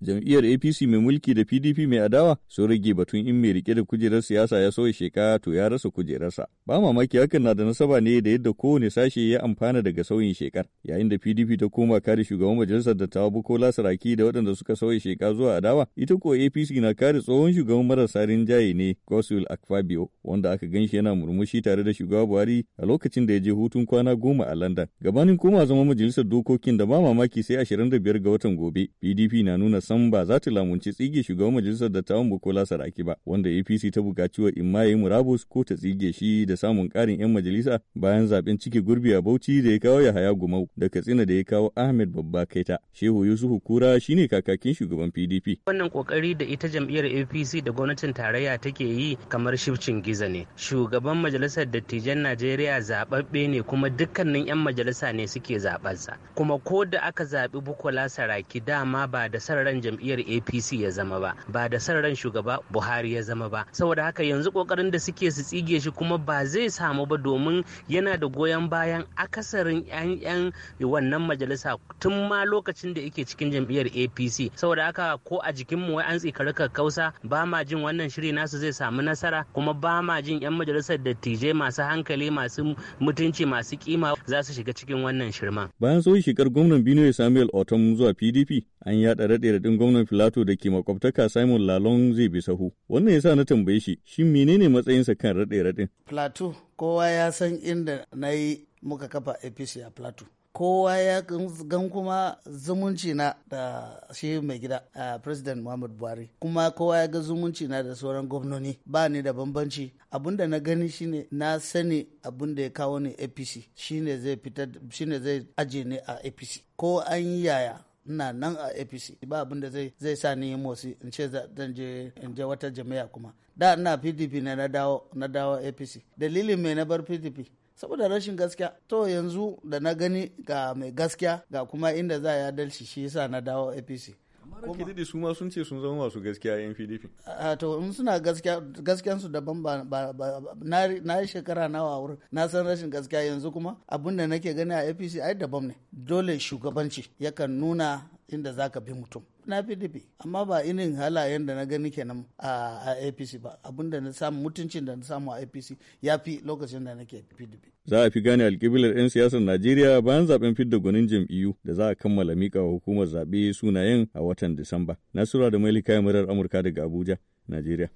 jam'iyyar apc mai mulki da pdp mai adawa sun rage batun in mai rike da kujerar siyasa ya sauya sheka to ya rasa kujerarsa ba mamaki hakan na da nasaba ne da yadda kowane sashe ya amfana daga sauyin shekar yayin da pdp ta koma kare shugaban majalisar dattawa bukola saraki da waɗanda suka sauya sheka zuwa adawa ita ko apc na kare tsohon shugaban marasa rinjaye ne gosul akfabio wanda aka ganshi yana murmushi tare da shugaba buhari a lokacin da ya je hutun kwana goma a london gabanin koma zama majalisar dokokin da ba mamaki sai ashirin da biyar ga watan gobe pdp na nuna san ba za ta lamunci tsige shugaban majalisar dattawan Bukola Saraki ba wanda APC ta buƙaci wa imma murabus ko ta tsige shi da samun ƙarin 'yan majalisa bayan zaben cike gurbi a Bauchi da ya kawo Yahaya Gumau da Katsina da ya kawo Ahmed Babba Kaita. Shehu Yusufu Kura shine kakakin shugaban PDP. Wannan kokari da ita jam'iyyar APC da gwamnatin tarayya take yi kamar shifcin giza ne. Shugaban majalisar dattijan Najeriya zababbe ne kuma dukkanin 'yan majalisa ne suke zabansa. Kuma ko da aka zaɓi Bukola Saraki dama ba da sararin ran jam'iyyar apc ya zama ba ba da san ran shugaba buhari ya zama ba saboda haka yanzu kokarin da suke su tsige shi kuma ba zai samu ba domin yana da goyon bayan akasarin 'yan wannan majalisa tun ma lokacin da yake cikin jam'iyyar apc saboda haka ko a jikinmu wai an tsikari kausa ba ma jin wannan shiri nasu zai samu nasara kuma ba ma jin 'yan majalisar dattijai masu hankali masu mutunci masu kima za su shiga cikin wannan shirman. bayan tsohon shigar gwamnan benue samuel otom zuwa pdp an yaɗa raɗe raɗin gwamnan filato da ke makwabtaka simon lalon zai bi sahu wannan yasa na tambaye shi shin menene matsayinsa kan raɗe raɗin filato kowa ya san inda na yi muka kafa apc a filato kowa ya gan kuma zumunci na da shi mai gida a president muhammad buhari kuma kowa ya ga zumunci na da sauran gwamnoni ba ni da bambanci da na gani shine na sani abun da ya kawo ni apc shine zai fitar shine zai aje ni a apc ko an yi yaya ina nan a apc ba abin da zai zai sa ni motsi in ce zan je in je wata jami'a kuma da ina pdp ne na dawo na dawo apc dalilin me na bar pdp saboda rashin gaskiya to yanzu da na gani ga mai gaskiya ga kuma inda za a yi adalci shi yasa na dawo apc ranke su ma sun ce sun zama masu gaskiya yan pdp a to in suna gaskiya gaskiyan su daban ba na yi shekara nawa na san rashin gaskiya yanzu kuma abin nake gani a apc ai daban ne dole shugabanci yakan nuna inda za ka bi mutum na fi dibi amma ba inin halayen da na gani kenan a apc ba abinda na samu mutuncin da na samu a apc ya fi lokacin da nake fi dibi za a fi gane alkibilar 'yan siyasar najeriya bayan zaben fidda gwanin jam'iyyu da za a kammala mika wa hukumar zaɓe sunayen a watan disamba nasura da mailika murar amurka daga abuja najeriya